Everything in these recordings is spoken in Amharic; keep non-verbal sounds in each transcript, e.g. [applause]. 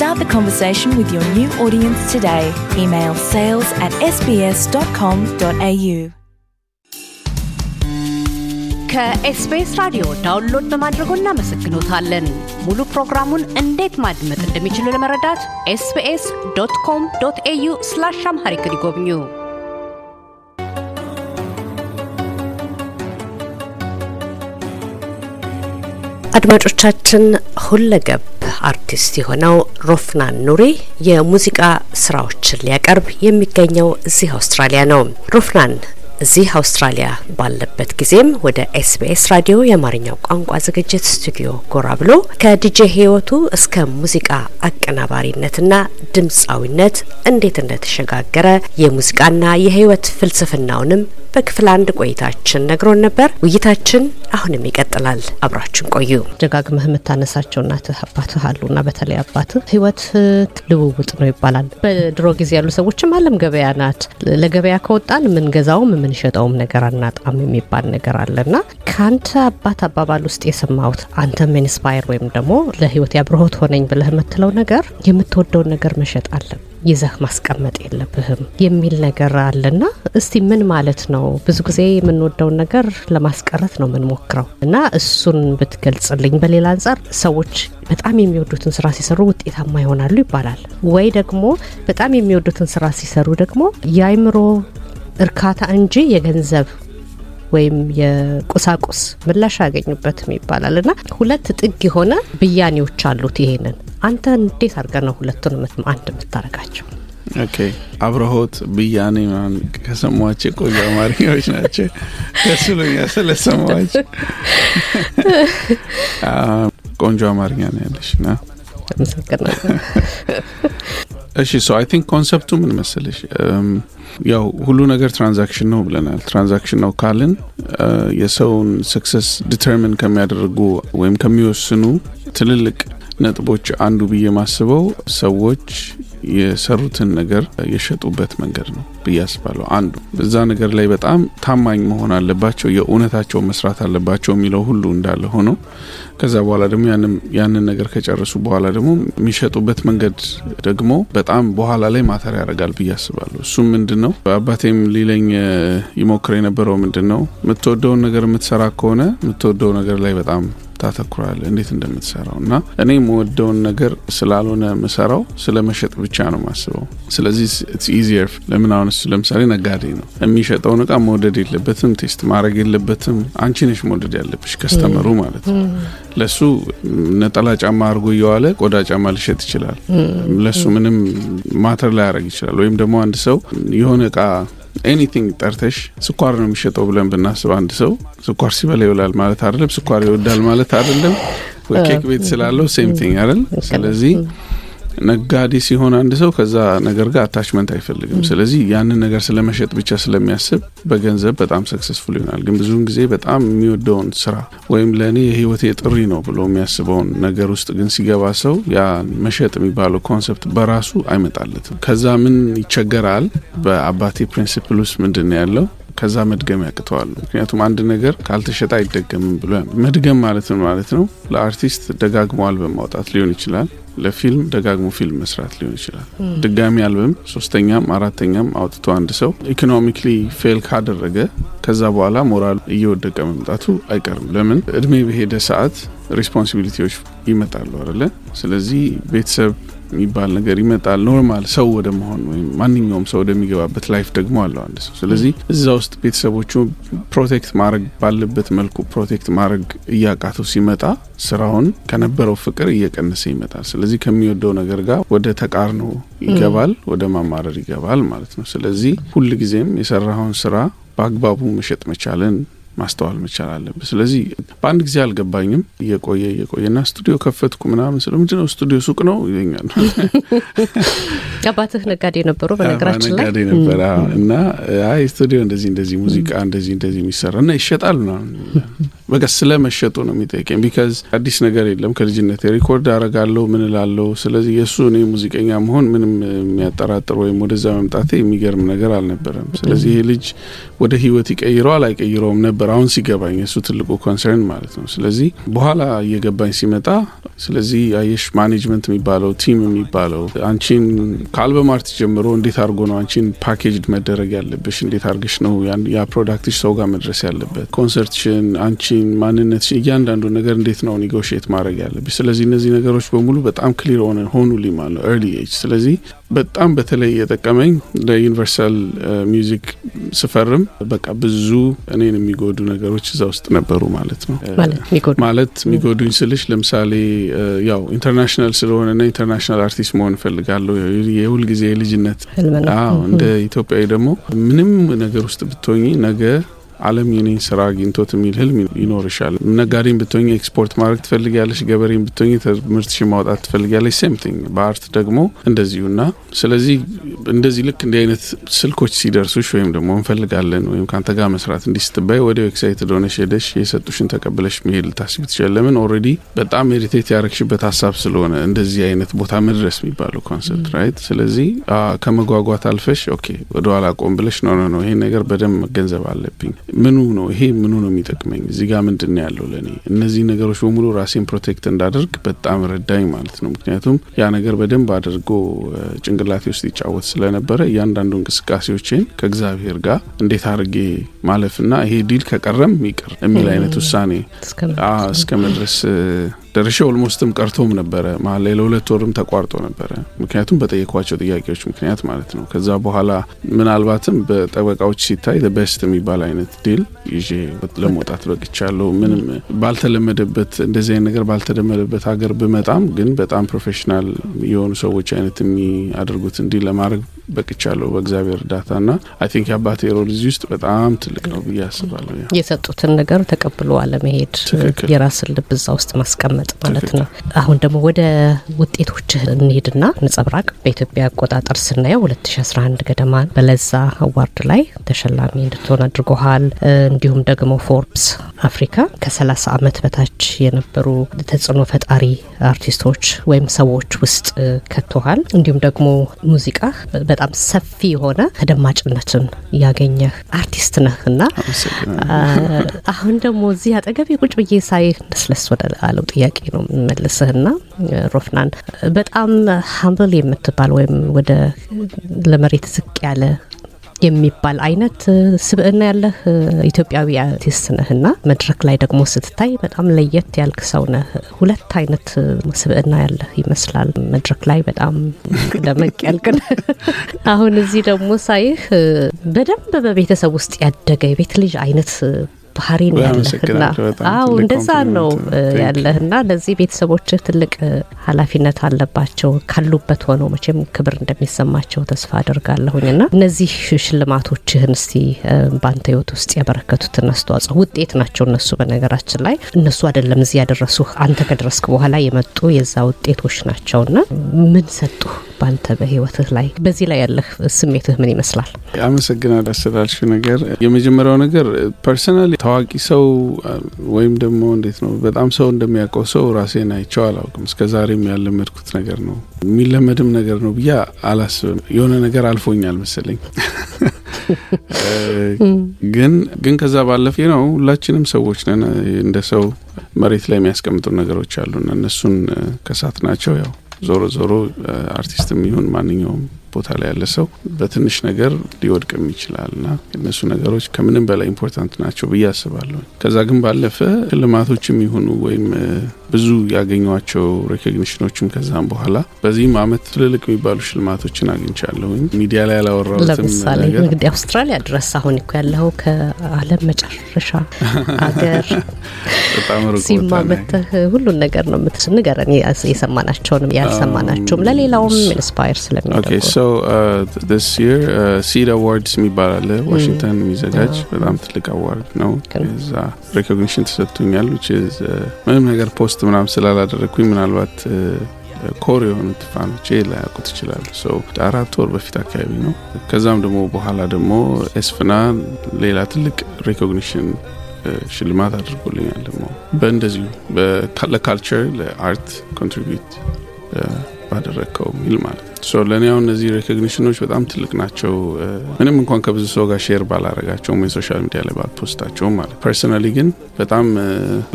Start the conversation with your new audience today. Email sales at sbs.com.au. ከኤስቢኤስ ራዲዮ ዳውንሎድ በማድረጎ እናመሰግኖታለን። ሙሉ ፕሮግራሙን እንዴት ማድመጥ እንደሚችሉ ለመረዳት ኤስቢኤስ ዶት ኮም ዶት ኤዩ ስላሽ አምሃሪክ ይጎብኙ። አድማጮቻችን ሁለገብ አርቲስት የሆነው ሮፍናን ኑሪ የሙዚቃ ስራዎችን ሊያቀርብ የሚገኘው እዚህ አውስትራሊያ ነው። ሮፍናን እዚህ አውስትራሊያ ባለበት ጊዜም ወደ ኤስቢኤስ ራዲዮ የአማርኛው ቋንቋ ዝግጅት ስቱዲዮ ጎራ ብሎ ከዲጄ ህይወቱ እስከ ሙዚቃ አቀናባሪነትና ድምፃዊነት እንዴት እንደተሸጋገረ የሙዚቃና የህይወት ፍልስፍናውንም በክፍል አንድ ቆይታችን ነግሮን ነበር። ውይይታችን አሁንም ይቀጥላል። አብራችን ቆዩ። ደጋግመህ የምታነሳቸው እናትህ አባትህ አሉና በተለይ አባትህ ህይወት ልውውጥ ነው ይባላል። በድሮ ጊዜ ያሉ ሰዎችም አለም ገበያ ናት። ለገበያ ከወጣን የምንገዛውም የምንሸጠውም ነገር አናጣም የሚባል ነገር አለና ከአንተ አባት አባባል ውስጥ የሰማሁት አንተም ኢንስፓየር ወይም ደግሞ ለህይወት ያብረሆት ሆነኝ ብለህ የምትለው ነገር የምትወደውን ነገር መሸጥ አለብ ይዘህ ማስቀመጥ የለብህም የሚል ነገር አለና እስቲ ምን ማለት ነው? ብዙ ጊዜ የምንወደውን ነገር ለማስቀረት ነው የምንሞክረው እና እሱን ብትገልጽልኝ። በሌላ አንጻር ሰዎች በጣም የሚወዱትን ስራ ሲሰሩ ውጤታማ ይሆናሉ ይባላል። ወይ ደግሞ በጣም የሚወዱትን ስራ ሲሰሩ ደግሞ የአይምሮ እርካታ እንጂ የገንዘብ ወይም የቁሳቁስ ምላሽ አያገኙበትም ይባላል እና ሁለት ጥግ የሆነ ብያኔዎች አሉት። ይሄንን አንተ እንዴት አድርገ ነው ሁለቱን አንድ የምታደረጋቸው ኦኬ አብረሆት ብያኔ ከሰማቸው ቆዩ አማርኛዎች ናቸው። ከስሉኛ ብሎኛል [laughs] ቆንጆ አማርኛ ነው ያለሽ ና እሺ ሰው አይ ቲንክ ኮንሰፕቱ ምን መሰለሽ ያው ሁሉ ነገር ትራንዛክሽን ነው ብለናል ትራንዛክሽን ነው ካልን የሰውን ስክሰስ ዲተርሚን ከሚያደርጉ ወይም ከሚወስኑ ትልልቅ ነጥቦች አንዱ ብዬ ማስበው ሰዎች የሰሩትን ነገር የሸጡበት መንገድ ነው ብዬ አንዱ እዛ ነገር ላይ በጣም ታማኝ መሆን አለባቸው፣ የእውነታቸው መስራት አለባቸው የሚለው ሁሉ እንዳለ ሆኖ ከዛ በኋላ ደግሞ ያንን ነገር ከጨረሱ በኋላ ደግሞ የሚሸጡበት መንገድ ደግሞ በጣም በኋላ ላይ ማተር ያደርጋል ብዬ አስባለሁ። እሱም ምንድን ነው አባቴም ሊለኝ ይሞክር የነበረው ምንድን ነው የምትወደውን ነገር የምትሰራ ከሆነ የምትወደው ነገር ላይ በጣም ታተኩራል እንዴት እንደምትሰራው እና እኔ የምወደውን ነገር ስላልሆነ ምሰራው ስለ መሸጥ ብቻ ነው ማስበው። ስለዚህ ኢዚየር ለምን አሁን እሱ ለምሳሌ ነጋዴ ነው የሚሸጠውን እቃ መውደድ የለበትም፣ ቴስት ማድረግ የለበትም። አንቺ ነሽ መውደድ ያለብሽ ከስተመሩ ማለት ነው። ለሱ ነጠላ ጫማ አድርጎ እየዋለ ቆዳ ጫማ ሊሸጥ ይችላል። ለሱ ምንም ማተር ያደረግ ይችላል። ወይም ደግሞ አንድ ሰው የሆነ እቃ ኤኒቲንግ ጠርተሽ ስኳር ነው የሚሸጠው ብለን ብናስብ አንድ ሰው ስኳር ሲበላ ይውላል ማለት አይደለም፣ ስኳር ይወዳል ማለት አይደለም። ኬክ ቤት ስላለው ሴም ቲንግ አይደል? ስለዚህ ነጋዴ ሲሆን አንድ ሰው ከዛ ነገር ጋር አታችመንት አይፈልግም። ስለዚህ ያንን ነገር ስለመሸጥ ብቻ ስለሚያስብ በገንዘብ በጣም ሰክሰስፉል ይሆናል። ግን ብዙውን ጊዜ በጣም የሚወደውን ስራ ወይም ለእኔ የህይወቴ ጥሪ ነው ብሎ የሚያስበውን ነገር ውስጥ ግን ሲገባ ሰው ያ መሸጥ የሚባለው ኮንሰፕት በራሱ አይመጣለትም። ከዛ ምን ይቸገራል? በአባቴ ፕሪንሲፕል ውስጥ ምንድን ያለው ከዛ መድገም ያቅተዋል። ምክንያቱም አንድ ነገር ካልተሸጠ አይደገምም ብሎ መድገም ማለት ምን ማለት ነው? ለአርቲስት ደጋግሞ አልበም ማውጣት ሊሆን ይችላል። ለፊልም ደጋግሞ ፊልም መስራት ሊሆን ይችላል። ድጋሚ አልበም ሶስተኛም አራተኛም አውጥቶ አንድ ሰው ኢኮኖሚክሊ ፌል ካደረገ ከዛ በኋላ ሞራል እየወደቀ መምጣቱ አይቀርም። ለምን እድሜ በሄደ ሰዓት ሪስፖንሲቢሊቲዎች ይመጣሉ አይደለ? ስለዚህ ቤተሰብ የሚባል ነገር ይመጣል። ኖርማል ሰው ወደ መሆን ወይም ማንኛውም ሰው ወደሚገባበት ላይፍ ደግሞ አለው አንድ ሰው። ስለዚህ እዛ ውስጥ ቤተሰቦቹ ፕሮቴክት ማድረግ ባለበት መልኩ ፕሮቴክት ማድረግ እያቃተው ሲመጣ ስራውን ከነበረው ፍቅር እየቀነሰ ይመጣል። ስለዚህ ከሚወደው ነገር ጋር ወደ ተቃርኖ ይገባል፣ ወደ ማማረር ይገባል ማለት ነው። ስለዚህ ሁል ጊዜም የሰራውን ስራ በአግባቡ መሸጥ መቻልን ማስተዋል መቻል አለብህ። ስለዚህ በአንድ ጊዜ አልገባኝም። እየቆየ እየቆየ እና ስቱዲዮ ከፈትኩ ምናምን ስለ ምንድን ነው ስቱዲዮ ሱቅ ነው የኛ አባትህ ነጋዴ ነበሩ በነገራችን ላይ ነጋዴ ነበረ እና አይ ስቱዲዮ እንደዚህ እንደዚህ ሙዚቃ እንደዚህ እንደዚህ የሚሰራ እና ይሸጣል ምናምን በቃ ስለ መሸጡ ነው የሚጠይቀኝ። ቢካዝ አዲስ ነገር የለም ከልጅነት ሪኮርድ አረጋለሁ ምን እላለሁ። ስለዚህ የእሱ እኔ ሙዚቀኛ መሆን ምንም የሚያጠራጥር ወይም ወደዛ መምጣቴ የሚገርም ነገር አልነበረም። ስለዚህ ይሄ ልጅ ወደ ህይወት ይቀይረዋል አይቀይረውም ነበር ነበር አሁን ሲገባኝ እሱ ትልቁ ኮንሰርን ማለት ነው። ስለዚህ በኋላ እየገባኝ ሲመጣ ስለዚህ አየሽ ማኔጅመንት የሚባለው ቲም የሚባለው አንቺን ከአልበም አርት ጀምሮ እንዴት አድርጎ ነው አንቺን ፓኬጅ መደረግ ያለብሽ? እንዴት አርገሽ ነው ያ ፕሮዳክትሽ ሰው ጋር መድረስ ያለበት? ኮንሰርትሽን፣ አንቺን ማንነትሽን፣ እያንዳንዱ ነገር እንዴት ነው ኒጎሽት ማድረግ ያለብሽ? ስለዚህ እነዚህ ነገሮች በሙሉ በጣም ክሊር ሆኑልኝ ማለት ነው ኤርሊ ኤጅ። ስለዚህ በጣም በተለይ የጠቀመኝ ለዩኒቨርሳል ሚውዚክ ስፈርም በቃ ብዙ እኔን የሚጎዱ ነገሮች እዛ ውስጥ ነበሩ ማለት ነው። ማለት የሚጎዱኝ ስልሽ ለምሳሌ ያው ኢንተርናሽናል ስለሆነ ና ኢንተርናሽናል አርቲስት መሆን እፈልጋለሁ የሁልጊዜ ጊዜ ልጅነት። እንደ ኢትዮጵያዊ ደግሞ ምንም ነገር ውስጥ ብትሆኝ ነገ ዓለም የኔን ስራ አግኝቶት የሚል ህልም ይኖርሻል። ነጋዴን ብትሆኝ ኤክስፖርት ማድረግ ትፈልጊያለሽ፣ ገበሬም ብትሆኝ ምርትሽ ማውጣት ትፈልጊያለሽ። ሴምቲንግ በአርት ደግሞ እንደዚሁ ና ስለዚህ እንደዚህ ልክ እንዲህ አይነት ስልኮች ሲደርሱሽ ወይም ደግሞ እንፈልጋለን ወይም ከአንተ ጋር መስራት እንዲህ ስትባይ ወዲያው ኤክሳይትድ ሆነሽ ሄደሽ የሰጡሽን ተቀብለሽ መሄድ ልታስብ ትችያለሽ። ለምን ኦልሬዲ በጣም ሜዲቴት ያረግሽበት ሀሳብ ስለሆነ እንደዚህ አይነት ቦታ መድረስ የሚባለው ኮንሰርት ራይት። mm. ስለዚህ ከመጓጓት አልፈሽ ኦኬ ወደኋላ ቆም ብለሽ ነው ነው ይሄን ነገር በደንብ መገንዘብ አለብኝ ምኑ ነው ይሄ ምኑ ነው የሚጠቅመኝ እዚህ ጋር ምንድን ነው ያለው ለእኔ እነዚህ ነገሮች በሙሉ ራሴን ፕሮቴክት እንዳደርግ በጣም ረዳኝ ማለት ነው ምክንያቱም ያ ነገር በደንብ አድርጎ ጭንቅላቴ ውስጥ ይጫወት ስለነበረ እያንዳንዱ እንቅስቃሴዎችን ከእግዚአብሔር ጋር እንዴት አድርጌ ማለፍና ይሄ ዲል ከቀረም ይቅር የሚል አይነት ውሳኔ እስከ መድረስ ደርሼ ኦልሞስትም ቀርቶም ነበረ መሀል ላይ ለሁለት ወርም ተቋርጦ ነበረ። ምክንያቱም በጠየኳቸው ጥያቄዎች ምክንያት ማለት ነው። ከዛ በኋላ ምናልባትም በጠበቃዎች ሲታይ በስት የሚባል አይነት ዲል ይዤ ለመውጣት በቅቻለሁ። ምንም ባልተለመደበት እንደዚህ አይነት ነገር ባልተለመደበት ሀገር ብመጣም ግን በጣም ፕሮፌሽናል የሆኑ ሰዎች አይነት የሚያደርጉት እንዲል ለማድረግ በቅቻለሁ በእግዚአብሔር እርዳታ ና አይ ቲንክ የአባቴ ሮል እዚህ ውስጥ በጣም ትልቅ ነው ብዬ አስባለሁ። የሰጡትን ነገር ተቀብሎ አለመሄድ፣ የራስን ልብ እዛ ውስጥ ማስቀመ ማስቀመጥ ማለት ነው። አሁን ደግሞ ወደ ውጤቶች እንሄድና ንጸብራቅ በኢትዮጵያ አቆጣጠር ስናየው 2011 ገደማ በለዛ አዋርድ ላይ ተሸላሚ እንድትሆን አድርጎሃል። እንዲሁም ደግሞ ፎርብስ አፍሪካ ከ30 ዓመት በታች የነበሩ ተጽዕኖ ፈጣሪ አርቲስቶች ወይም ሰዎች ውስጥ ከቶሃል። እንዲሁም ደግሞ ሙዚቃ በጣም ሰፊ የሆነ ተደማጭነትን ያገኘ አርቲስት ነህ እና አሁን ደግሞ እዚህ አጠገብ ቁጭ ብዬ ሳይ ስለስ ወደ አለው ጥያቄ ጥያቄ ነው መልስህና ሮፍናን በጣም ሀምብል የምትባል ወይም ወደ ለመሬት ዝቅ ያለ የሚባል አይነት ስብዕና ያለህ ኢትዮጵያዊ አርቲስት ና መድረክ ላይ ደግሞ ስትታይ በጣም ለየት ያልክ ሰው ነህ። ሁለት አይነት ስብዕና ያለህ ይመስላል። መድረክ ላይ በጣም ደመቅ ያልክን፣ አሁን እዚህ ደግሞ ሳይህ በደንብ በቤተሰብ ውስጥ ያደገ የቤት ልጅ አይነት ባህሪ ነው ያለህና አዎ እንደዛ ነው ያለህና ለዚህ ቤተሰቦችህ ትልቅ ሀላፊነት አለባቸው። ካሉበት ሆነው መቼም ክብር እንደሚሰማቸው ተስፋ አደርጋለሁኝ ና እነዚህ ሽልማቶችህን እስቲ በአንተ ህይወት ውስጥ ያበረከቱትን አስተዋጽኦ ውጤት ናቸው እነሱ በነገራችን ላይ እነሱ አይደለም እዚህ ያደረሱ አንተ ከደረስክ በኋላ የመጡ የዛ ውጤቶች ና ምን ሰጡ በአንተ በህይወትህ ላይ በዚህ ላይ ያለህ ስሜትህ ምን ይመስላል? አመሰግናለሁ ስላልሽ ነገር የመጀመሪያው ነገር ፐርሰናል ታዋቂ ሰው ወይም ደግሞ እንዴት ነው በጣም ሰው እንደሚያውቀው ሰው ራሴን አይቸው አላውቅም። እስከ ዛሬም ያለመድኩት ነገር ነው የሚለመድም ነገር ነው ብዬ አላስብም። የሆነ ነገር አልፎኛል መሰለኝ [laughs] ግን ግን ከዛ ባለፈ ነው ሁላችንም ሰዎች ነን። እንደ ሰው መሬት ላይ የሚያስቀምጡ ነገሮች አሉና እነሱን ከሳት ናቸው ያው ዞሮ ዞሮ አርቲስትም ይሁን ማንኛውም ቦታ ላይ ያለ ሰው በትንሽ ነገር ሊወድቅም ይችላል ና እነሱ ነገሮች ከምንም በላይ ኢምፖርታንት ናቸው ብዬ አስባለሁ። ከዛ ግን ባለፈ ሽልማቶችም ይሁኑ ወይም ብዙ ያገኟቸው ሬኮግኒሽኖችም ከዛም በኋላ በዚህም አመት ትልልቅ የሚባሉ ሽልማቶችን አግኝቻለሁኝ። ሚዲያ ላይ ያላወራሁትም ለምሳሌ እንግዲህ አውስትራሊያ ድረስ አሁን እኮ ያለው ከአለም መጨረሻ አገር ሲማ መተህ ሁሉን ነገር ነው የምትንገረን የሰማናቸውንም ያልሰማናቸውም ለሌላውም ኢንስፓየር ስለሚያደርጉ ስ ሲድ አዋርድስ የሚባል ዋሽንግተን የሚዘጋጅ በጣም ትልቅ አዋርድ ነው። ዛ ሬኮግኒሽን ተሰጥቶኛል። ምንም ነገር ፖስት ምናም ስላላደረግኩኝ ምናልባት ኮር የሆኑት ፋኖቼ ላያውቁ ትችላሉ። አራት ወር በፊት አካባቢ ነው። ከዛም ደግሞ በኋላ ደግሞ ኤስፍና ሌላ ትልቅ ሬኮግኒሽን ሽልማት አድርጎልኛል። ደግሞ በእንደዚሁ ለካልቸር ለአርት ኮንትሪቢዩት ባደረግከው ሚል ማለት ለእኔ አሁን እነዚህ ሬኮግኒሽኖች በጣም ትልቅ ናቸው። ምንም እንኳን ከብዙ ሰው ጋር ሼር ባላረጋቸውም የሶሻል ሚዲያ ላይ ባልፖስታቸውም ማለት ፐርሰናሊ ግን በጣም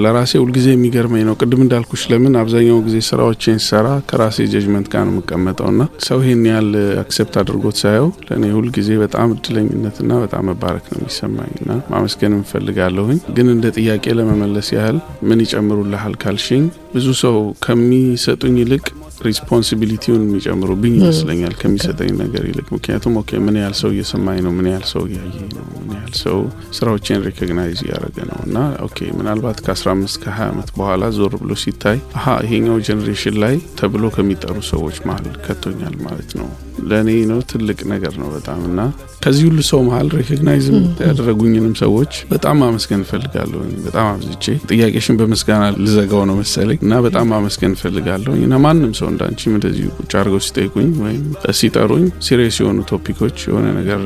ለራሴ ሁልጊዜ የሚገርመኝ ነው። ቅድም እንዳልኩሽ ለምን አብዛኛው ጊዜ ስራዎችን ሰራ ከራሴ ጀጅመንት ጋር ነው የምቀመጠው ና ሰው ይህን ያህል አክሴፕት አድርጎት ሳየው ለእኔ ሁልጊዜ በጣም እድለኝነትና በጣም መባረክ ነው የሚሰማኝ ና ማመስገን እንፈልጋለሁኝ። ግን እንደ ጥያቄ ለመመለስ ያህል ምን ይጨምሩልሃል ካልሽኝ ብዙ ሰው ከሚሰጡኝ ይልቅ ሪስፖንሲቢሊቲውን የሚጨምሩብኝ ይመስለኛል ከሚሰጠኝ ነገር ይልቅ። ምክንያቱም ኦኬ ምን ያህል ሰው እየሰማኝ ነው፣ ምን ያህል ሰው እያየ ነው፣ ምን ያህል ሰው ስራዎችን ሪኮግናይዝ እያደረገ ነው እና ኦኬ ምናልባት ከ15 ከ20 ዓመት በኋላ ዞር ብሎ ሲታይ አሀ ይሄኛው ጀኔሬሽን ላይ ተብሎ ከሚጠሩ ሰዎች መሀል ከቶኛል ማለት ነው። ለእኔ ነው ትልቅ ነገር ነው በጣም እና ከዚህ ሁሉ ሰው መሀል ሪኮግናይዝ ያደረጉኝንም ሰዎች በጣም አመስገን እፈልጋለሁ። በጣም አብዝቼ ጥያቄሽን በምስጋና ልዘጋው ነው መሰለኝ እና በጣም አመስገን እፈልጋለሁ እና ማንም ሰው እንዳንቺም እንደዚሁ ቁጭ አድርገው ሲጠይቁ ሲጠሩኝ ወይም ሲጠሩኝ ሲሪየስ የሆኑ ቶፒኮች የሆነ ነገር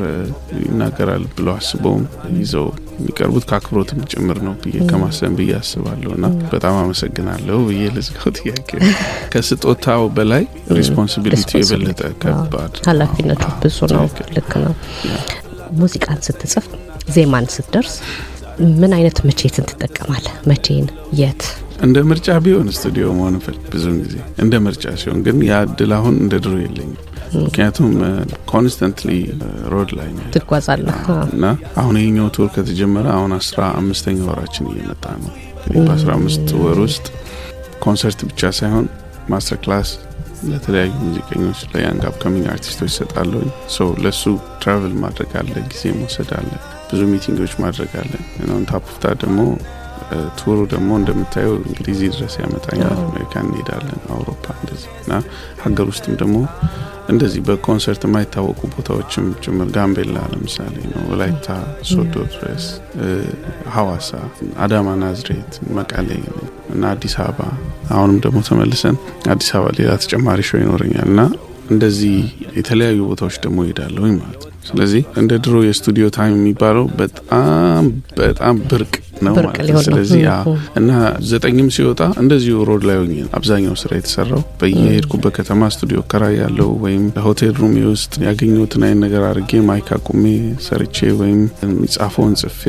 ይናገራል ብሎ አስበውም ይዘው የሚቀርቡት ከአክብሮትም ጭምር ነው ብዬ ከማሰብ ብዬ አስባለሁ እና በጣም አመሰግናለሁ ብዬ ልዝጋው ጥያቄ። ከስጦታው በላይ ሪስፖንሲቢሊቲ የበለጠ ከባድ ሀላፊነቱ ብዙ ነው። ልክ ነው። ሙዚቃን ስትጽፍ ዜማን ስትደርስ ምን አይነት መቼትን ትጠቀማለ መቼን፣ የት እንደ ምርጫ ቢሆን ስቱዲዮ መሆን እንፈልግ ብዙን ጊዜ እንደ ምርጫ ሲሆን ግን ያ አሁን እንደ ድሮ የለኝም። ምክንያቱም ኮንስተንትሊ ሮድ ላይ ትጓዛለህ እና አሁን የኛው ቱር ከተጀመረ አሁን አስራ አምስተኛ ወራችን እየመጣ ነው። በአስራ አምስት ወር ውስጥ ኮንሰርት ብቻ ሳይሆን ማስተር ክላስ ለተለያዩ ሙዚቀኞች ለያንግ አፕካሚንግ አርቲስቶች ይሰጣለሁኝ ሰው ለእሱ ትራቨል ማድረግ አለ፣ ጊዜ መውሰድ አለ፣ ብዙ ሚቲንጎች ማድረግ አለ። ኦን ደግሞ ቱሩ ደግሞ እንደምታየው እንግዲህ እዚህ ድረስ ያመጣኛል። አሜሪካን እንሄዳለን፣ አውሮፓ እንደዚህ እና ሀገር ውስጥም ደግሞ እንደዚህ በኮንሰርት የማይታወቁ ቦታዎችም ጭምር ጋምቤላ ለምሳሌ ነው፣ ወላይታ ሶዶ ድረስ፣ ሀዋሳ፣ አዳማ፣ ናዝሬት፣ መቀሌ እና አዲስ አበባ። አሁንም ደግሞ ተመልሰን አዲስ አበባ ሌላ ተጨማሪ ሾ ይኖረኛል እና እንደዚህ የተለያዩ ቦታዎች ደግሞ ይሄዳለሁኝ ማለት ነው። ስለዚህ እንደ ድሮ የስቱዲዮ ታይም የሚባለው በጣም በጣም ብርቅ ነው ስለዚህ እና ዘጠኝም ሲወጣ እንደዚሁ ሮድ ላይ ሆኝ አብዛኛው ስራ የተሰራው በየሄድኩ በከተማ ስቱዲዮ ከራ ያለው ወይም ሆቴል ሩሜ ውስጥ ያገኘትን አይን ነገር አድርጌ ማይክ አቁሜ ሰርቼ ወይም የጻፈውን ጽፌ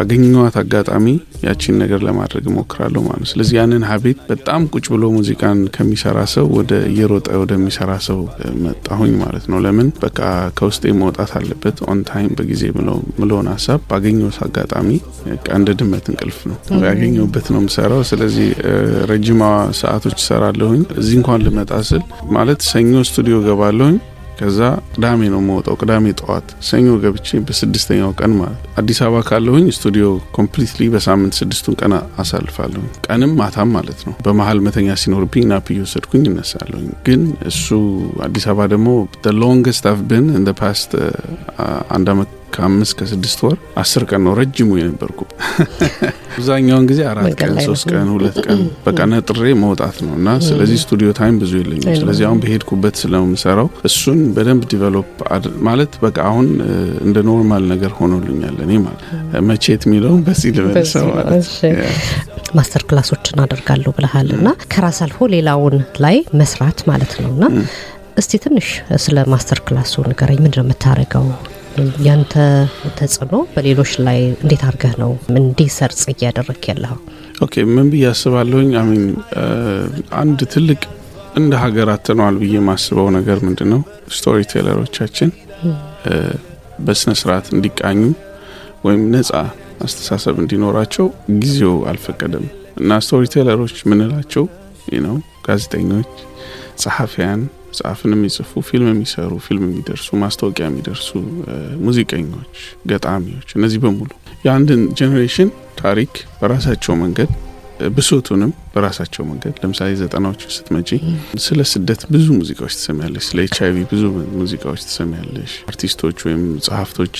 ያገኘኋት አጋጣሚ ያቺን ነገር ለማድረግ እሞክራለሁ ማለት ስለዚህ ያንን ሀቤት በጣም ቁጭ ብሎ ሙዚቃን ከሚሰራ ሰው ወደ እየሮጠ ወደሚሰራ ሰው መጣሁኝ ማለት ነው። ለምን በቃ ከውስጤ መውጣት አለበት ኦን ታይም በጊዜ ምለውን ሀሳብ ባገኘት አጋጣሚ እንደ ድመ የመተኛት እንቅልፍ ነው ያገኘውበት ነው የምሰራው። ስለዚህ ረጅማ ሰዓቶች እሰራለሁኝ። እዚህ እንኳን ልመጣ ስል ማለት ሰኞ ስቱዲዮ ገባለሁኝ። ከዛ ቅዳሜ ነው መወጣው ቅዳሜ ጠዋት ሰኞ ገብቼ በስድስተኛው ቀን ማለት አዲስ አበባ ካለሁኝ ስቱዲዮ ኮምፕሊትሊ በሳምንት ስድስቱን ቀን አሳልፋለሁ። ቀንም ማታም ማለት ነው። በመሀል መተኛ ሲኖርብኝ ናፕ እየወሰድኩኝ ይነሳለሁኝ ግን እሱ አዲስ አበባ ደግሞ ሎንገስት አፍ ብን ፓስት አንድ አመት ከአምስት ከስድስት ወር አስር ቀን ነው ረጅሙ የነበርኩ። አብዛኛውን ጊዜ አራት ቀን፣ ሶስት ቀን፣ ሁለት ቀን በቃ ነጥሬ መውጣት ነው እና ስለዚህ ስቱዲዮ ታይም ብዙ የለኝ ስለዚህ አሁን በሄድኩበት ስለምሰራው እሱን በደንብ ዲቨሎፕ ማለት በቃ አሁን እንደ ኖርማል ነገር ሆኖልኛል። እኔ ማለት መቼት የሚለውን በዚህ ልመልሰው ማለት ማስተር ክላሶችን አደርጋለሁ ብልሃል እና ከራስ አልፎ ሌላውን ላይ መስራት ማለት ነው እና እስቲ ትንሽ ስለ ማስተር ክላሱ ንገረኝ። ምንድን የምታደረገው ያንተ ተጽዕኖ በሌሎች ላይ እንዴት አድርገህ ነው እንዲሰርጽ እያደረግ ያለው? ኦኬ ምን ብዬ አስባለሁኝ አሚን አንድ ትልቅ እንደ ሀገር አትነዋል ብዬ የማስበው ነገር ምንድን ነው ስቶሪ ቴለሮቻችን በስነ ስርዓት እንዲቃኙ ወይም ነጻ አስተሳሰብ እንዲኖራቸው ጊዜው አልፈቀደም እና ስቶሪ ቴለሮች ምንላቸው ነው ጋዜጠኞች፣ ጸሐፊያን መጽሐፍን የሚጽፉ ፊልም የሚሰሩ ፊልም የሚደርሱ ማስታወቂያ የሚደርሱ ሙዚቀኞች፣ ገጣሚዎች እነዚህ በሙሉ የአንድን ጀኔሬሽን ታሪክ በራሳቸው መንገድ ብሶቱንም በራሳቸው መንገድ ለምሳሌ ዘጠናዎቹ ስትመጪ ስለ ስደት ብዙ ሙዚቃዎች ትሰሚያለሽ። ስለ ኤች አይቪ ብዙ ሙዚቃዎች ትሰሚያለሽ። አርቲስቶች ወይም ጸሀፍቶች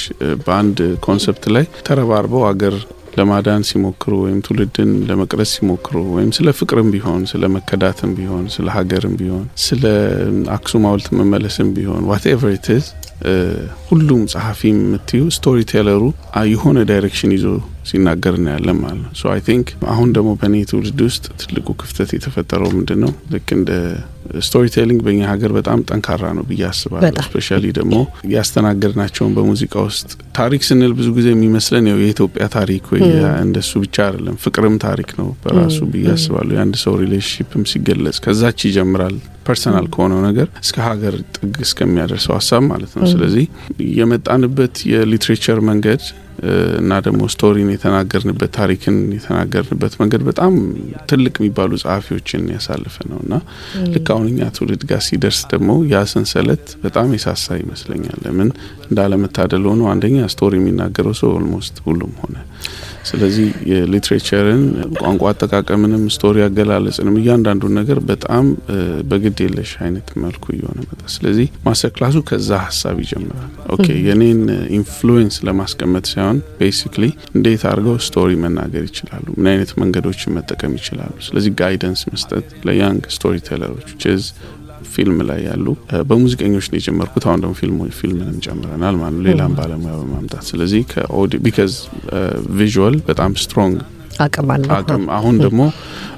በአንድ ኮንሰፕት ላይ ተረባርበው አገር ለማዳን ሲሞክሩ ወይም ትውልድን ለመቅረጽ ሲሞክሩ ወይም ስለ ፍቅርም ቢሆን ስለ መከዳትም ቢሆን ስለ ሀገርም ቢሆን ስለ አክሱም ሐውልት መመለስም ቢሆን ዋትኤቨር ኢት ሁሉም ጸሐፊ የምትዩ ስቶሪ ቴለሩ የሆነ ዳይሬክሽን ይዞ ሲናገር እናያለን ማለት ነው። አይ ቲንክ አሁን ደግሞ በእኔ ትውልድ ውስጥ ትልቁ ክፍተት የተፈጠረው ምንድን ነው ልክ እንደ ስቶሪቴሊንግ በኛ ሀገር በጣም ጠንካራ ነው ብዬ አስባለሁ። ስፔሻሊ ደግሞ ያስተናገድናቸውን በሙዚቃ ውስጥ ታሪክ ስንል ብዙ ጊዜ የሚመስለን ያው የኢትዮጵያ ታሪክ ወይ እንደሱ ብቻ አይደለም፣ ፍቅርም ታሪክ ነው በራሱ ብዬ አስባለሁ። የአንድ ሰው ሪሌሽንሽፕም ሲገለጽ ከዛች ይጀምራል ፐርሰናል ከሆነው ነገር እስከ ሀገር ጥግ እስከሚያደርሰው ሀሳብ ማለት ነው። ስለዚህ የመጣንበት የሊትሬቸር መንገድ እና ደግሞ ስቶሪን የተናገርንበት ታሪክን የተናገርንበት መንገድ በጣም ትልቅ የሚባሉ ጸሀፊዎችን ያሳልፈ ነው እና ልክ አሁን እኛ ትውልድ ጋር ሲደርስ ደግሞ ያ ሰንሰለት በጣም የሳሳ ይመስለኛል። ለምን እንዳለመታደል ሆኖ አንደኛ ስቶሪ የሚናገረው ሰው ኦልሞስት ሁሉም ሆነ። ስለዚህ የሊትሬቸርን ቋንቋ አጠቃቀምንም ስቶሪ አገላለጽንም እያንዳንዱን ነገር በጣም በግድ የለሽ አይነት መልኩ እየሆነ መጣ። ስለዚህ ማስተር ክላሱ ከዛ ሀሳብ ይጀምራል። ኦኬ የኔን ኢንፍሉዌንስ ለማስቀመጥ ሳይሆን ሳይሆን ቤሲክሊ እንዴት አድርገው ስቶሪ መናገር ይችላሉ፣ ምን አይነት መንገዶችን መጠቀም ይችላሉ። ስለዚህ ጋይደንስ መስጠት ለያንግ ስቶሪ ቴለሮች ችዝ ፊልም ላይ ያሉ በሙዚቀኞች ነው የጀመርኩት። አሁን ደግሞ ፊልምንም ጨምረናል ማለት ሌላም ባለሙያ በማምጣት ስለዚህ ከኦዲ ቢካዝ ቪል በጣም ስትሮንግ አቅም አለ አቅም አሁን ደግሞ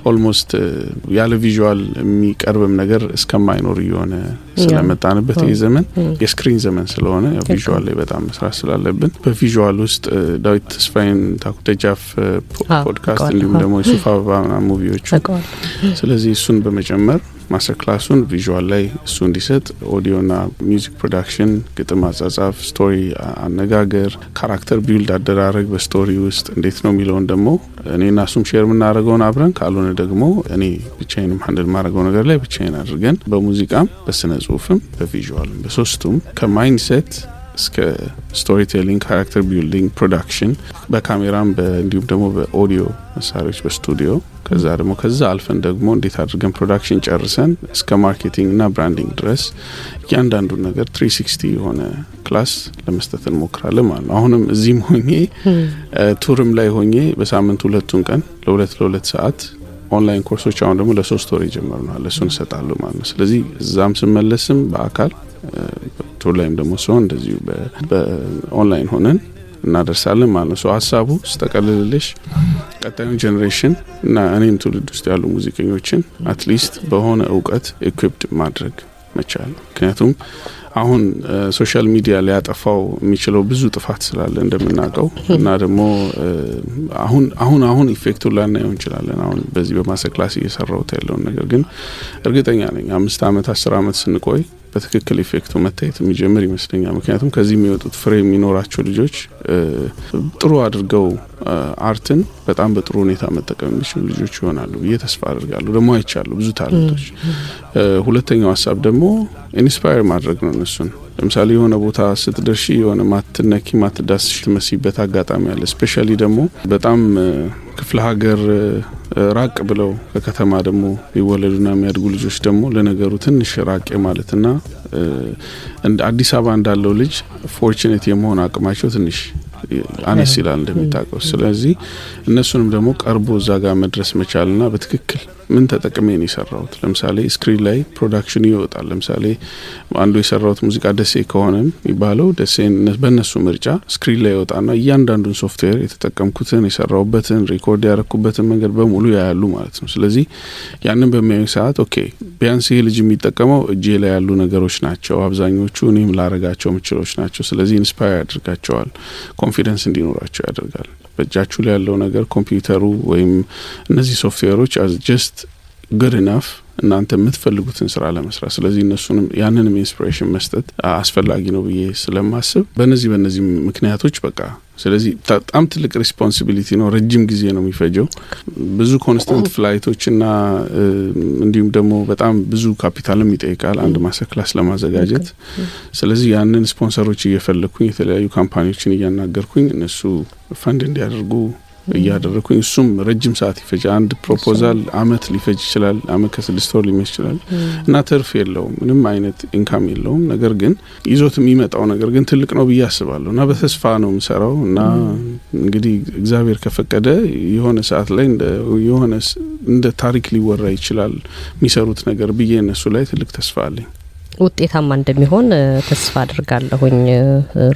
ኦልሞስት ያለ ቪዥዋል የሚቀርብም ነገር እስከማይኖር እየሆነ ስለመጣንበት ይህ ዘመን የስክሪን ዘመን ስለሆነ ቪዥዋል ላይ በጣም መስራት ስላለብን በቪዥዋል ውስጥ ዳዊት ተስፋይን ታኩተጃፍ ፖድካስት እንዲሁም ደግሞ የሱፍ አበባ ሙቪዎቹ ስለዚህ እሱን በመጨመር ማስተር ክላሱን ቪዥዋል ላይ እሱ እንዲሰጥ ኦዲዮና ሚዚክ ፕሮዳክሽን፣ ግጥም አጻጻፍ፣ ስቶሪ አነጋገር፣ ካራክተር ቢውልድ አደራረግ በስቶሪ ውስጥ እንዴት ነው የሚለውን ደግሞ ና እሱም ሼር የምናደርገውን አብረን ካልሆነ ደግሞ እኔ ብቻዬንም ሀንድል ማድረገው ነገር ላይ ብቻዬን አድርገን በሙዚቃም በስነ ጽሁፍም በቪዥዋልም በሶስቱም ከማይንሴት እስከ ስቶሪ ቴሊንግ ካራክተር ቢልዲንግ ፕሮዳክሽን በካሜራም እንዲሁም ደግሞ በኦዲዮ መሳሪያዎች በስቱዲዮ ከዛ ደግሞ ከዛ አልፈን ደግሞ እንዴት አድርገን ፕሮዳክሽን ጨርሰን እስከ ማርኬቲንግ እና ብራንዲንግ ድረስ እያንዳንዱ ነገር ትሪ ሲክስቲ የሆነ ክላስ ለመስጠት እንሞክራለን ማለት ነው። አሁንም እዚህም ሆኜ ቱርም ላይ ሆኜ በሳምንት ሁለቱን ቀን ለሁለት ለሁለት ሰዓት ኦንላይን ኮርሶች አሁን ደግሞ ለሶስት ወር አለ እሱን እሰጣለሁ ማለት ነው። ስለዚህ እዛም ስመለስም በአካል ቱር ላይም ደግሞ ሲሆን እንደዚሁ በኦንላይን ሆነን እናደርሳለን ማለት ነው። ሀሳቡ ስጠቀልልልሽ ቀጣዩ ጀኔሬሽን እና እኔም ትውልድ ውስጥ ያሉ ሙዚቀኞችን አትሊስት በሆነ እውቀት ኢኩፕድ ማድረግ መቻል ነው። ምክንያቱም አሁን ሶሻል ሚዲያ ሊያጠፋው የሚችለው ብዙ ጥፋት ስላለ እንደምናውቀው እና ደግሞ አሁን አሁን አሁን ኢፌክቱን ላናየው እንችላለን። አሁን በዚህ በማሰ ክላስ እየሰራውት ያለውን ነገር ግን እርግጠኛ ነኝ አምስት አመት አስር ዓመት ስንቆይ በትክክል ኢፌክቱ መታየት የሚጀምር ይመስለኛል። ምክንያቱም ከዚህ የሚወጡት ፍሬ የሚኖራቸው ልጆች ጥሩ አድርገው አርትን በጣም በጥሩ ሁኔታ መጠቀም የሚችሉ ልጆች ይሆናሉ ብዬ ተስፋ አድርጋሉ ደግሞ አይቻሉ ብዙ ታለቶች ሁለተኛው ሀሳብ ደግሞ ኢንስፓየር ማድረግ ነው እነሱን ለምሳሌ የሆነ ቦታ ስትደርሺ የሆነ ማትነኪ ማትዳስሽ ትመሲበት አጋጣሚ አለ። ስፔሻሊ ደግሞ በጣም ክፍለ ሀገር ራቅ ብለው ከከተማ ደግሞ ይወለዱና የሚያድጉ ልጆች ደግሞ ለነገሩ ትንሽ ራቅ ማለት አዲስ አበባ እንዳለው ልጅ ፎርቹኔት የመሆን አቅማቸው ትንሽ አነስ ይላል እንደሚታወቀው። ስለዚህ እነሱንም ደግሞ ቀርቦ እዛ ጋር መድረስ መቻልና በትክክል ምን ተጠቅሜ ነው የሰራሁት። ለምሳሌ ስክሪን ላይ ፕሮዳክሽን ይወጣል። ለምሳሌ አንዱ የሰራሁት ሙዚቃ ደሴ ከሆነም የሚባለው ደሴ በእነሱ ምርጫ ስክሪን ላይ ይወጣና እያንዳንዱን ሶፍትዌር የተጠቀምኩትን የሰራሁበትን ሪኮርድ ያረኩበትን መንገድ በሙሉ ያያሉ ማለት ነው። ስለዚህ ያንን በሚያዩ ሰዓት ኦኬ ቢያንስ ይህ ልጅ የሚጠቀመው እጄ ላይ ያሉ ነገሮች ናቸው፣ አብዛኞቹ እኔም ላረጋቸው ምችሎች ናቸው። ስለዚህ ኢንስፓየር ያደርጋቸዋል። ኮንፊደንስ እንዲኖራቸው ያደርጋል። በእጃችሁ ላይ ያለው ነገር ኮምፒውተሩ ወይም እነዚህ ሶፍትዌሮች አስ ጀስት ጉድ ናፍ እናንተ የምትፈልጉትን ስራ ለመስራት። ስለዚህ እነሱንም ያንንም ኢንስፒሬሽን መስጠት አስፈላጊ ነው ብዬ ስለማስብ በነዚህ በነዚህ ምክንያቶች በቃ ስለዚህ በጣም ትልቅ ሪስፖንሲቢሊቲ ነው። ረጅም ጊዜ ነው የሚፈጀው። ብዙ ኮንስተንት ፍላይቶችና እንዲሁም ደግሞ በጣም ብዙ ካፒታልም ይጠይቃል አንድ ማሰር ክላስ ለማዘጋጀት። ስለዚህ ያንን ስፖንሰሮች እየፈለግኩኝ የተለያዩ ካምፓኒዎችን እያናገርኩኝ እነሱ ፈንድ እንዲያደርጉ እያደረግኩ እሱም ረጅም ሰዓት ይፈጃ አንድ ፕሮፖዛል አመት ሊፈጅ ይችላል። አመት ከስድስት ወር ሊመስ ይችላል እና ትርፍ የለውም፣ ምንም አይነት ኢንካም የለውም። ነገር ግን ይዞት የሚመጣው ነገር ግን ትልቅ ነው ብዬ አስባለሁ እና በተስፋ ነው የምሰራው እና እንግዲህ እግዚአብሔር ከፈቀደ የሆነ ሰዓት ላይ የሆነ እንደ ታሪክ ሊወራ ይችላል የሚሰሩት ነገር ብዬ እነሱ ላይ ትልቅ ተስፋ አለኝ። ውጤታማ እንደሚሆን ተስፋ አድርጋለሁኝ።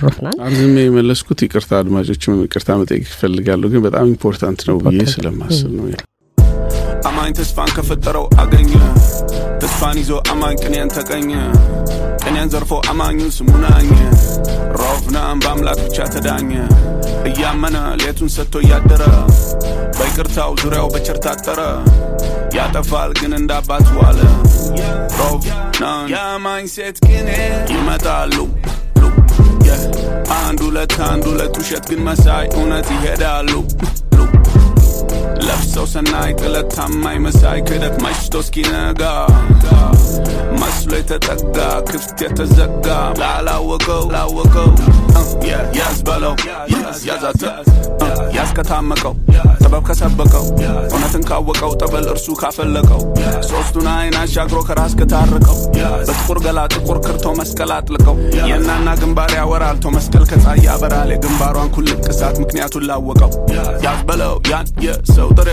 ሮፍናን አርዝሜ የመለስኩት ይቅርታ፣ አድማጮችም ይቅርታ መጠየቅ ይፈልጋሉ፣ ግን በጣም ኢምፖርታንት ነው ብዬ ስለማስብ ነው። አማኝ ተስፋን ከፈጠረው አገኘ ተስፋን ይዞ አማኝ ቅንያን ተቀኘ ቅንያን ዘርፎ አማኙ ስሙን ሮፍናን በአምላክ ብቻ ተዳኘ እያመነ ሌቱን ሰጥቶ እያደረ ይቅርታው ዙሪያው በቸር ታጠረ ያጠፋል ግን እንዳባት ዋለ ሮቭ ሴት ግን ይመጣሉ አንድ ሁለት አንድ ሁለት ውሸት ግን መሳይ እውነት ይሄዳሉ ለብሰው ሰናይ ጥለት ታማኝ መሳይ ክደት መሽቶ እስኪነጋ መስሎ የተጠጋ ክፍት የተዘጋ ላላወቀው ላወቀው ያዝበለው ያዛተ ያስከታመቀው ጥበብ ከሰበቀው እውነትን ካወቀው ጠበል እርሱ ካፈለቀው ሶስቱን አይን አሻግሮ ከራስ ከታርቀው በጥቁር ገላ ጥቁር ክርቶ መስቀል አጥልቀው የእናና ግንባር ያወራልቶ መስቀል ከፀሐይ ያበራል የግንባሯን ኩልቅ እሳት ምክንያቱን ላወቀው ያዝበለው ያን የሰው ጥሬ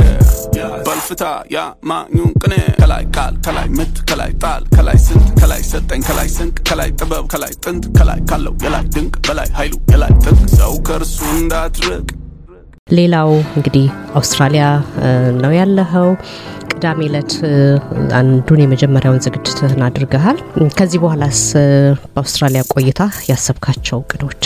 በልፍታ ያማኙን ቅኔ ከላይ ቃል ከላይ ምት ከላይ ጣል ከላይ ስንት ከላይ ሰጠኝ ከላይ ስንቅ ከላይ ጥበብ ከላይ ጥንት ከላይ ካለው የላይ ድንቅ በላይ ኃይሉ የላይ ጥንቅ ሰው ከእርሱ እንዳትርቅ ሌላው እንግዲህ አውስትራሊያ ነው ያለኸው። ቅዳሜ ዕለት አንዱን የመጀመሪያውን ዝግጅትህን አድርገሃል። ከዚህ በኋላስ በአውስትራሊያ ቆይታ ያሰብካቸው ቅዶች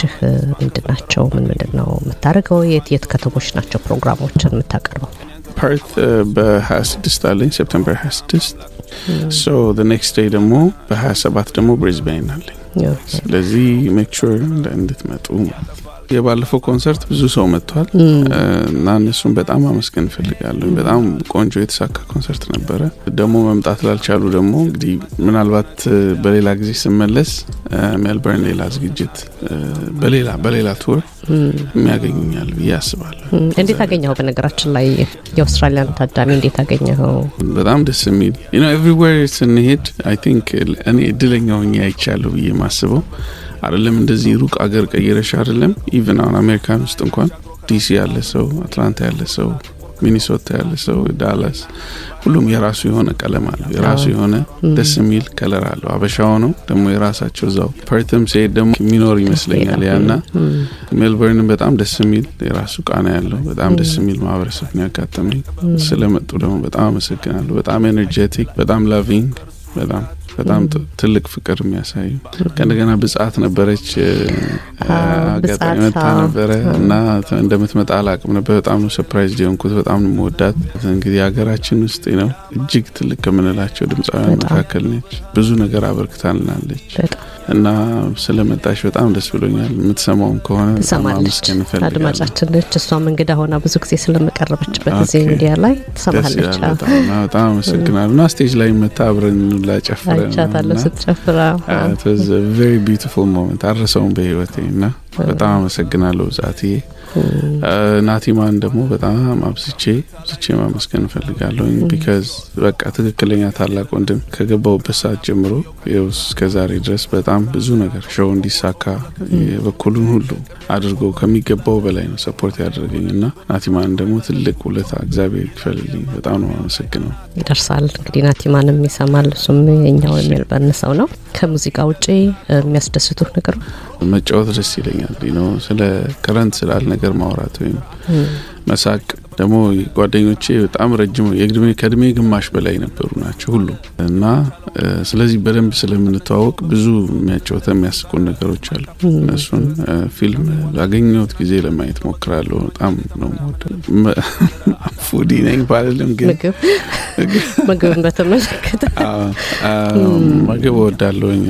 ምንድን ናቸው? ምን ምንድን ነው የምታደርገው? የት የት ከተሞች ናቸው ፕሮግራሞችን የምታቀርበው? ፓርት በ26 አለኝ ሴፕተምበር 26 ሶ ደግሞ በ27 ደግሞ ብሪዝቤን አለኝ። ስለዚህ ሜክ እንድትመጡ ማለት የባለፈው ኮንሰርት ብዙ ሰው መጥቷል እና እነሱም በጣም አመስገን እፈልጋለሁ። በጣም ቆንጆ የተሳካ ኮንሰርት ነበረ። ደግሞ መምጣት ላልቻሉ ደግሞ እንግዲህ ምናልባት በሌላ ጊዜ ስመለስ ሜልበርን ሌላ ዝግጅት በሌላ በሌላ ቱር የሚያገኙኛል ብዬ አስባለሁ። እንዴት አገኘኸው? በነገራችን ላይ የአውስትራሊያን ታዳሚ እንዴት አገኘኸው? በጣም ደስ የሚል ነው። ኤቭሪዌር ስንሄድ አይ ቲንክ እኔ እድለኛው አይቻለሁ ብዬ ማስበው አይደለም። እንደዚህ ሩቅ አገር ቀይረሽ አይደለም። ኢቨን አሁን አሜሪካን ውስጥ እንኳን ዲሲ ያለ ሰው፣ አትላንታ ያለ ሰው ሚኒሶታ ያለ ሰው ዳላስ፣ ሁሉም የራሱ የሆነ ቀለም አለው፣ የራሱ የሆነ ደስ የሚል ከለር አለው። አበሻው ነው ደግሞ የራሳቸው ዛው ፐርትም ሲሄድ ደግሞ የሚኖር ይመስለኛል ያና ሜልበርንም በጣም ደስ የሚል የራሱ ቃና ያለው በጣም ደስ የሚል ማህበረሰብ ያጋጠመኝ። ስለመጡ ደግሞ በጣም አመሰግናለሁ። በጣም ኤነርጀቲክ፣ በጣም ላቪንግ፣ በጣም በጣም ትልቅ ፍቅር የሚያሳዩ እንደገና ብጻት ነበረች አጋጣሚ መታ ነበረ እና እንደምትመጣ አላቅም ነበር። በጣም ነው ሰፕራይዝ ሊሆንኩት በጣም ነው መወዳት። እንግዲህ ሀገራችን ውስጥ ነው እጅግ ትልቅ ከምንላቸው ድምፃውያን መካከል ነች። ብዙ ነገር አበርክታልናለች እና ስለመጣሽ በጣም ደስ ብሎኛል። የምትሰማውም ከሆነ ማመስገን እፈልጋለሁ። አድማጫችን ነች። እሷም እንግዳ ሆና ብዙ ጊዜ ስለመቀረበችበት እዚህ ሚዲያ ላይ ትሰማለች። በጣም አመሰግናለሁ እና ስቴጅ ላይ መታ አብረን ላጨፍረ አይቻታለሁ ስትጨፍራ ቨሪ ቢዩቲፉል ሞመንት አረሰውን በህይወቴ እና በጣም አመሰግናለሁ ዛትዬ ናቲማን ደግሞ በጣም አብዝቼ ብዝቼ ማመስገን እፈልጋለሁኝ። ቢካዝ በቃ ትክክለኛ ታላቅ ወንድም ከገባውበት ሰዓት ጀምሮ ይኸው እስከዛሬ ድረስ በጣም ብዙ ነገር ሸው እንዲሳካ የበኩሉን ሁሉ አድርጎ ከሚገባው በላይ ነው ሰፖርት ያደረገኝ እና ናቲማን ደግሞ ትልቅ ውለታ እግዚአብሔር ይክፈልልኝ። በጣም ነው አመሰግነው። ይደርሳል እንግዲህ ናቲማንም ይሰማል። እሱም የኛው የሚል በንሰው ነው። ከሙዚቃ ውጪ የሚያስደስቱህ ነገር? መጫወት ደስ ይለኛል ነው ስለ ከረንት ስላል ነገር ማውራት ወይም መሳቅ ደግሞ ጓደኞቼ በጣም ረጅም ከእድሜ ግማሽ በላይ ነበሩ ናቸው ሁሉም እና ስለዚህ በደንብ ስለምንተዋወቅ ብዙ የሚያጫውተ የሚያስቁን ነገሮች አሉ። እነሱን ፊልም ላገኘሁት ጊዜ ለማየት ሞክራለሁ። በጣም ነው ፉዲ ነኝ ባልልም ግን [laughs] ምግብን በተመለከተ ምግብ ወዳለውኝ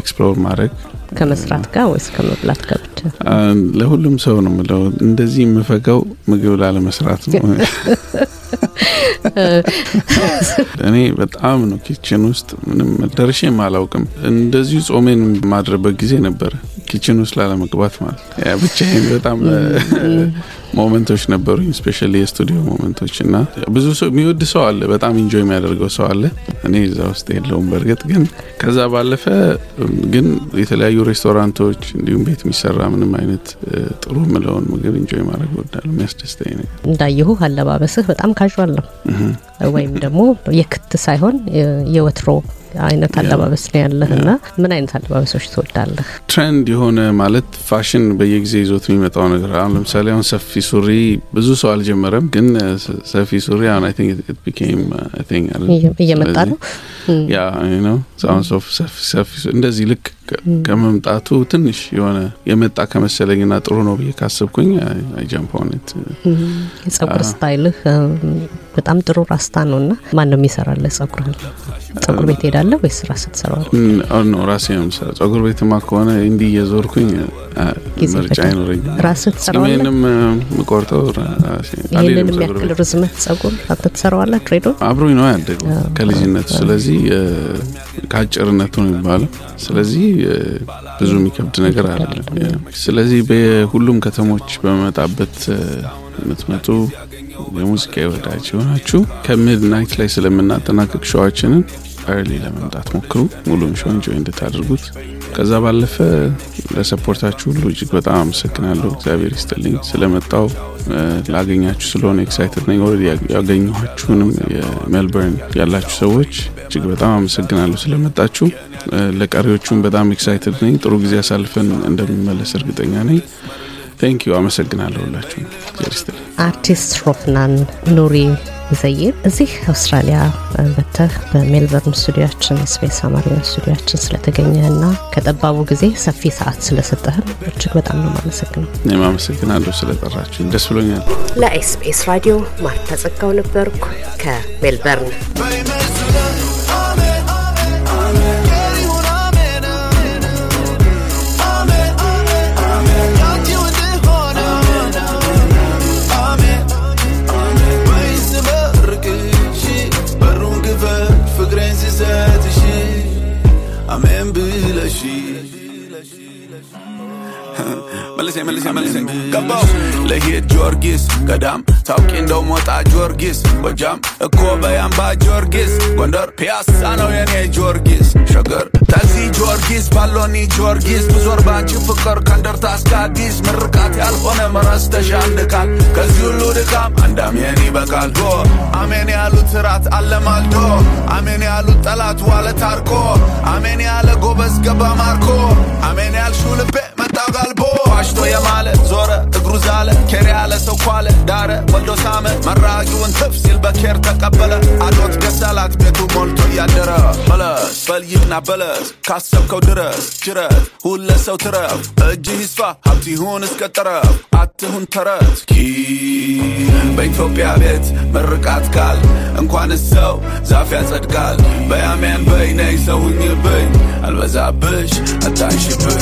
ኤክስፕሎር ማድረግ ከመስራት ጋር ወይስ ከመብላት ጋር ብቻ? ለሁሉም ሰው ነው ምለው። እንደዚህ የምፈጋው ምግብ ላለመስራት ነው። [laughs] እኔ በጣም ነው ኪችን ውስጥ ምንም ደርሼም አላውቅም። እንደዚሁ ጾሜን ማድረበት ጊዜ ነበረ። ኪችን ውስጥ ላለመግባት ማለት ብቻዬን በጣም ሞመንቶች ነበሩኝ። ስፔሻሊ የስቱዲዮ ሞመንቶች እና ብዙ ሰው የሚወድ ሰው አለ፣ በጣም ኢንጆይ የሚያደርገው ሰው አለ። እኔ እዛ ውስጥ የለውም በእርግጥ ግን ከዛ ባለፈ ግን የተለያዩ ሬስቶራንቶች እንዲሁም ቤት የሚሰራ ምንም አይነት ጥሩ ምለውን ምግብ ኢንጆይ ማድረግ እወዳለሁ። የሚያስደስተኝ ነገር እንዳየሁ አለባበስህ በጣም ካዥዋል ነው፣ ወይም ደግሞ የክት ሳይሆን የወትሮ አይነት አለባበስ ነው ያለህ እና ምን አይነት አለባበሶች ትወዳለህ? ትሬንድ የሆነ ማለት ፋሽን በየጊዜ ይዞት የሚመጣው ነገር አሁን ለምሳሌ አሁን ሰፊ ሱሪ ብዙ ሰው አልጀመረም፣ ግን ሰፊ ሱሪ አሁን አይ ቲንክ ኢት ቢኬም አይ ቲንክ እየመጣ ነው ያ እንደዚህ ልክ ከመምጣቱ ትንሽ የሆነ የመጣ ከመሰለኝና ጥሩ ነው ብዬ ካሰብኩኝ አይጃምፖነት የጸጉር ስታይልህ በጣም ጥሩ ራስታ ነው እና ማን ነው የሚሰራለ ጸጉር ጸጉር ቤት ሄዳለ ወይ ስራ ትሰራዋል? ራሴ ነው ምሰራ። ጸጉር ቤትማ ከሆነ እንዲ እየዞርኩኝ ምርጫ አይኖረኝ። ራስ ትሰራዋለንም ቆርጠው ይህንን የሚያክል ርዝመት ጸጉር አንተ ትሰራዋለህ? ድሬዶ አብሮኝ ነው ያደገው ከልጅነቱ። ስለዚህ ከአጭርነቱ ነው የሚባለው። ስለዚህ ብዙ የሚከብድ ነገር አለ። ስለዚህ በሁሉም ከተሞች በመጣበት ምትመጡ የሙዚቃ የወዳጅ የሆናችሁ ከሚድናይት ላይ ስለምናጠናቀቅ ሸዋችንን ርሊ ለመምጣት ሞክሩ። ሙሉም ሾው እንጆ እንድታደርጉት። ከዛ ባለፈ ለሰፖርታችሁ ሁሉ እጅግ በጣም አመሰግናለሁ። እግዚአብሔር ይስጥልኝ ስለመጣው ላገኛችሁ ስለሆነ ኤክሳይትድ ነኝ። ረ ያገኘኋችሁንም የሜልበርን ያላችሁ ሰዎች እጅግ በጣም አመሰግናለሁ ስለመጣችሁ። ለቀሪዎቹም በጣም ኤክሳይትድ ነኝ። ጥሩ ጊዜ አሳልፈን እንደሚመለስ እርግጠኛ ነኝ። ቴንክ ዩ አመሰግናለሁ። ሁላችሁ አርቲስት ሮፍናን ኑሪ ዘይር እዚህ አውስትራሊያ በተህ በሜልበርን ስቱዲያችን ስፔስ አማርኛ ስቱዲያችን ስለተገኘህና ከጠባቡ ጊዜ ሰፊ ሰዓት ስለሰጠህን እጅግ በጣም ነው ማመሰግነው። እኔም አመሰግናለሁ ስለጠራችሁ፣ ደስ ብሎኛል። ለኤስፔስ ራዲዮ ማርታ ጸጋው ነበርኩ ከሜልበርን። መልሴ መልሴ መልሴ ገባው ለሄድ ጊዮርጊስ ገዳም ታውቂ እንደው ሞጣ ጊዮርጊስ ጎጃም እኮ በያምባ ጊዮርጊስ ጎንደር ፒያሳ ነው የኔ ጊዮርጊስ ሸገር ታክሲ ጊዮርጊስ ባሎኒ ጊዮርጊስ ብዞር ባንቺ ፍቅር ከንደርታ እስከ አዲስ ምርቃት ያልሆነ መረስ ተሻንድካል ከዚህ ሁሉ ድካም አንድ አሜን ይበቃል ዶ አሜን ያሉት ራት አለማልዶ አሜን ያሉት ጠላት ዋለ ታርኮ አሜን ያለ ጎበዝ ገባ ማርኮ አሜን ያልሹ ልቤ ተላልቦ ዋሽቶ የማለ ዞረ እግሩ ዛለ ኬር ያለ ሰው ኳለ ዳረ ወልዶ ሳመ መራጊውን ትፍ ሲል በኬር ተቀበለ አዶት ገሳላት ቤቱ ሞልቶ እያደረ በለስ በልይና በለስ ካሰብከው ድረስ ችረት ሁለ ሰው ትረፍ እጅ ይስፋ ሀብት ይሁን እስከ ጠረፍ አትሁን ተረት ኪ በኢትዮጵያ ቤት ምርቃት ቃል እንኳን ሰው ዛፍ ያጸድቃል በያሚያን በይነይ ሰውኝ ብኝ አልበዛብሽ አታንሽብኝ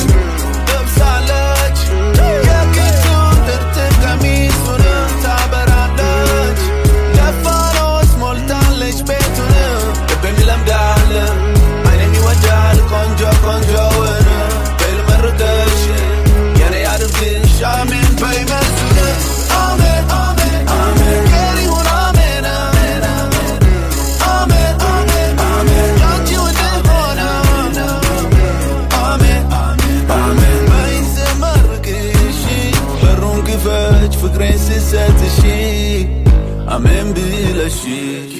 Hemen birleşir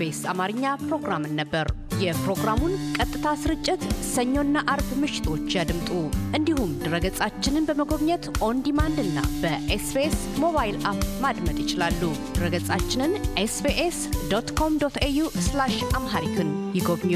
ኤስቢኤስ አማርኛ ፕሮግራምን ነበር። የፕሮግራሙን ቀጥታ ስርጭት ሰኞና አርብ ምሽቶች ያድምጡ። እንዲሁም ድረገጻችንን በመጎብኘት ኦን ዲማንድ እና በኤስቢኤስ ሞባይል አፕ ማድመጥ ይችላሉ። ድረገጻችንን ኤስቢኤስ ዶት ኮም ዶት ኤዩ አምሃሪክን ይጎብኙ።